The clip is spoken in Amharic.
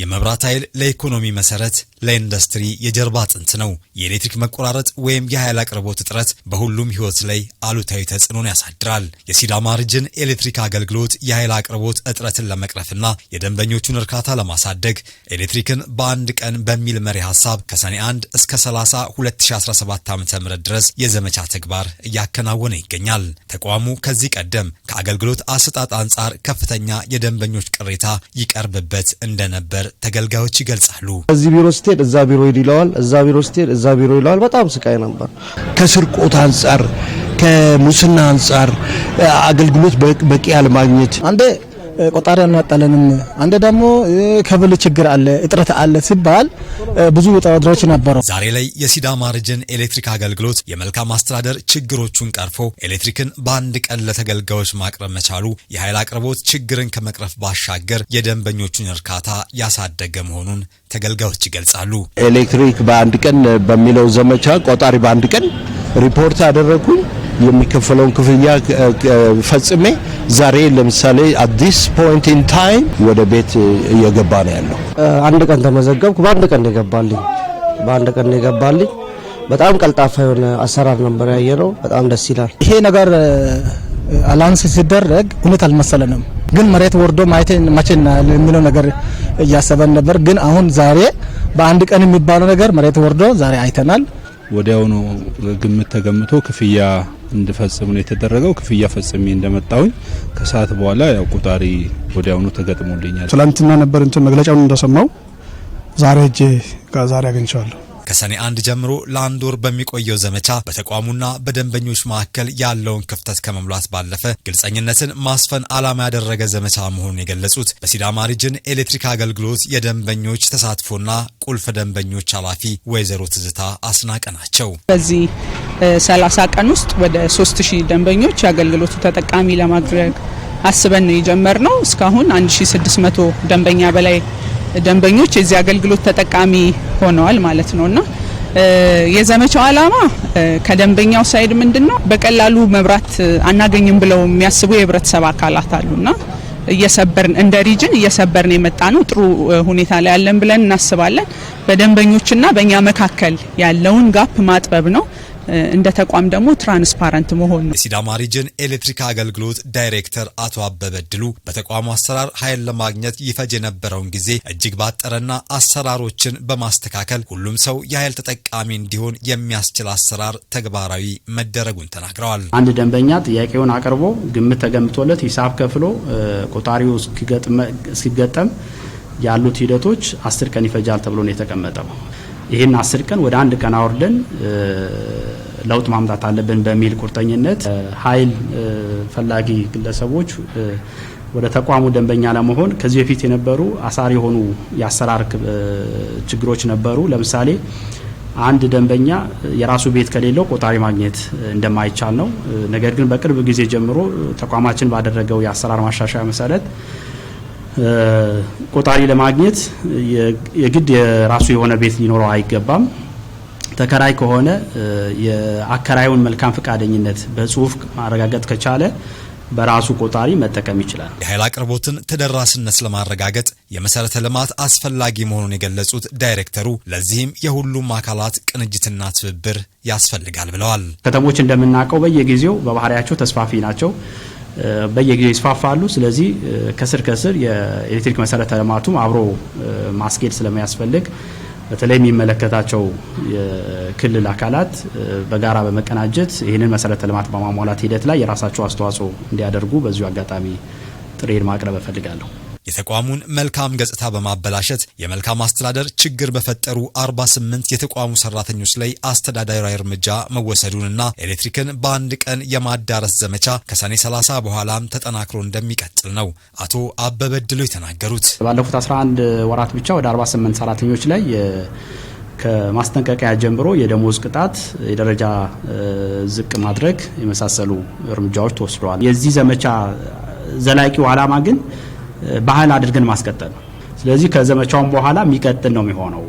የመብራት ኃይል ለኢኮኖሚ መሰረት፣ ለኢንዱስትሪ የጀርባ አጥንት ነው። የኤሌክትሪክ መቆራረጥ ወይም የኃይል አቅርቦት እጥረት በሁሉም ሕይወት ላይ አሉታዊ ተጽዕኖን ያሳድራል። የሲዳማ ሪጅን ኤሌክትሪክ አገልግሎት የኃይል አቅርቦት እጥረትን ለመቅረፍና የደንበኞቹን እርካታ ለማሳደግ ኤሌክትሪክን በአንድ ቀን በሚል መሪ ሀሳብ ከሰኔ 1 እስከ 30 2017 ዓ.ም ድረስ የዘመቻ ተግባር እያከናወነ ይገኛል። ተቋሙ ከዚህ ቀደም ከአገልግሎት አሰጣጥ አንጻር ከፍተኛ የደንበኞች ቅሬታ ይቀርብበት እንደነበር እንደነበር ተገልጋዮች ይገልጻሉ። እዚህ ቢሮ ስትሄድ እዛ ቢሮ ሂድ ይለዋል፣ እዛ ቢሮ ስትሄድ እዛ ቢሮ ይለዋል። በጣም ስቃይ ነበር። ከስርቆት አንጻር፣ ከሙስና አንጻር አገልግሎት በቂ አለማግኘት አንዴ ቆጣሪ አልመጣለንም። አንድ ደግሞ ከብል ችግር አለ፣ እጥረት አለ ሲባል ብዙ ውጣ ውረዶች ነበሩ። ዛሬ ላይ የሲዳማ ሪጅን ኤሌክትሪክ አገልግሎት የመልካም አስተዳደር ችግሮቹን ቀርፎ ኤሌክትሪክን በአንድ ቀን ለተገልጋዮች ማቅረብ መቻሉ የኃይል አቅርቦት ችግርን ከመቅረፍ ባሻገር የደንበኞቹን እርካታ ያሳደገ መሆኑን ተገልጋዮች ይገልጻሉ። ኤሌክትሪክ በአንድ ቀን በሚለው ዘመቻ ቆጣሪ በአንድ ቀን ሪፖርት አደረግኩኝ። የሚከፈለውን ክፍያ ፈጽሜ ዛሬ ለምሳሌ አዲስ ፖይንት ኢን ታይም ወደ ቤት እየገባ ነው ያለው። አንድ ቀን ተመዘገብኩ። በአንድ ቀን ይገባልኝ፣ በአንድ ቀን ይገባልኝ። በጣም ቀልጣፋ የሆነ አሰራር ነበር ነው። በጣም ደስ ይላል። ይሄ ነገር አላንስ ሲደረግ እውነት አልመሰለንም፣ ግን መሬት ወርዶ ማየት መቼና የሚለው ነገር እያሰበን ነበር። ግን አሁን ዛሬ በአንድ ቀን የሚባለው ነገር መሬት ወርዶ ዛሬ አይተናል። ወዲያውኑ ግምት ተገምቶ ክፍያ እንድፈጽም ነው የተደረገው። ክፍያ ፈጽሜ እንደመጣሁኝ ከሰዓት በኋላ ያው ቆጣሪ ወዲያውኑ ተገጥሞልኛል። ትላንትና ነበር እንትን መግለጫውን እንደሰማው ዛሬ እጄ ዛሬ አግኝቸዋለሁ። ከሰኔ አንድ ጀምሮ ለአንድ ወር በሚቆየው ዘመቻ በተቋሙና በደንበኞች መካከል ያለውን ክፍተት ከመሙላት ባለፈ ግልጸኝነትን ማስፈን ዓላማ ያደረገ ዘመቻ መሆኑን የገለጹት በሲዳማ ሪጅን ኤሌክትሪክ አገልግሎት የደንበኞች ተሳትፎና ቁልፍ ደንበኞች ኃላፊ ወይዘሮ ትዝታ አስናቀ ናቸው። በዚህ 30 ቀን ውስጥ ወደ 3000 ደንበኞች የአገልግሎቱ ተጠቃሚ ለማድረግ አስበን ነው የጀመርነው። እስካሁን 1600 ደንበኛ በላይ ደንበኞች የዚህ አገልግሎት ተጠቃሚ ሆነዋል ማለት እና የዘመቻው ዓላማ ከደንበኛው ሳይድ ምንድነው፣ በቀላሉ መብራት አናገኝም ብለው የሚያስቡ የህብረተሰብ አካላት አሉና እየሰበርን እንደ ሪጅን እየሰበርን የመጣ ነው። ጥሩ ሁኔታ ላይ ያለን ብለን እናስባለን። በደንበኞችና በእኛ መካከል ያለውን ጋፕ ማጥበብ ነው። እንደ ተቋም ደግሞ ትራንስፓረንት መሆን ነው። ሲዳማ ሪጅን ኤሌክትሪክ አገልግሎት ዳይሬክተር አቶ አበበ ድሉ በተቋሙ አሰራር ኃይል ለማግኘት ይፈጅ የነበረውን ጊዜ እጅግ ባጠረና አሰራሮችን በማስተካከል ሁሉም ሰው የኃይል ተጠቃሚ እንዲሆን የሚያስችል አሰራር ተግባራዊ መደረጉን ተናግረዋል። አንድ ደንበኛ ጥያቄውን አቅርቦ ግምት ተገምቶለት ሂሳብ ከፍሎ ቆጣሪው እስኪገጠም ያሉት ሂደቶች አስር ቀን ይፈጃል ተብሎ ነው የተቀመጠው። ይህን አስር ቀን ወደ አንድ ቀን አውርደን ለውጥ ማምጣት አለብን በሚል ቁርጠኝነት ኃይል ፈላጊ ግለሰቦች ወደ ተቋሙ ደንበኛ ለመሆን ከዚህ በፊት የነበሩ አሳሪ የሆኑ የአሰራር ችግሮች ነበሩ። ለምሳሌ አንድ ደንበኛ የራሱ ቤት ከሌለው ቆጣሪ ማግኘት እንደማይቻል ነው። ነገር ግን በቅርብ ጊዜ ጀምሮ ተቋማችን ባደረገው የአሰራር ማሻሻያ መሰረት ቆጣሪ ለማግኘት የግድ የራሱ የሆነ ቤት ሊኖረው አይገባም። ተከራይ ከሆነ የአከራዩን መልካም ፈቃደኝነት በጽሁፍ ማረጋገጥ ከቻለ በራሱ ቆጣሪ መጠቀም ይችላል። የኃይል አቅርቦትን ተደራሽነት ለማረጋገጥ የመሰረተ ልማት አስፈላጊ መሆኑን የገለጹት ዳይሬክተሩ ለዚህም የሁሉም አካላት ቅንጅትና ትብብር ያስፈልጋል ብለዋል። ከተሞች እንደምናውቀው በየጊዜው በባህሪያቸው ተስፋፊ ናቸው። በየጊዜው ይስፋፋሉ። ስለዚህ ከስር ከስር የኤሌክትሪክ መሰረተ ልማቱም አብሮ ማስኬድ ስለሚያስፈልግ በተለይ የሚመለከታቸው የክልል አካላት በጋራ በመቀናጀት ይህንን መሰረተ ልማት በማሟላት ሂደት ላይ የራሳቸው አስተዋጽኦ እንዲያደርጉ በዚሁ አጋጣሚ ጥሪን ማቅረብ እፈልጋለሁ። የተቋሙን መልካም ገጽታ በማበላሸት የመልካም አስተዳደር ችግር በፈጠሩ 48 የተቋሙ ሰራተኞች ላይ አስተዳደራዊ እርምጃ መወሰዱንና ኤሌክትሪክን በአንድ ቀን የማዳረስ ዘመቻ ከሰኔ 30 በኋላም ተጠናክሮ እንደሚቀጥል ነው አቶ አበበ ድሎ የተናገሩት። ባለፉት 11 ወራት ብቻ ወደ 48 ሰራተኞች ላይ ከማስጠንቀቂያ ጀምሮ የደሞዝ ቅጣት፣ የደረጃ ዝቅ ማድረግ የመሳሰሉ እርምጃዎች ተወስደዋል። የዚህ ዘመቻ ዘላቂው ዓላማ ግን ባህል አድርገን ማስቀጠል ነው። ስለዚህ ከዘመቻውም በኋላ የሚቀጥል ነው የሚሆነው።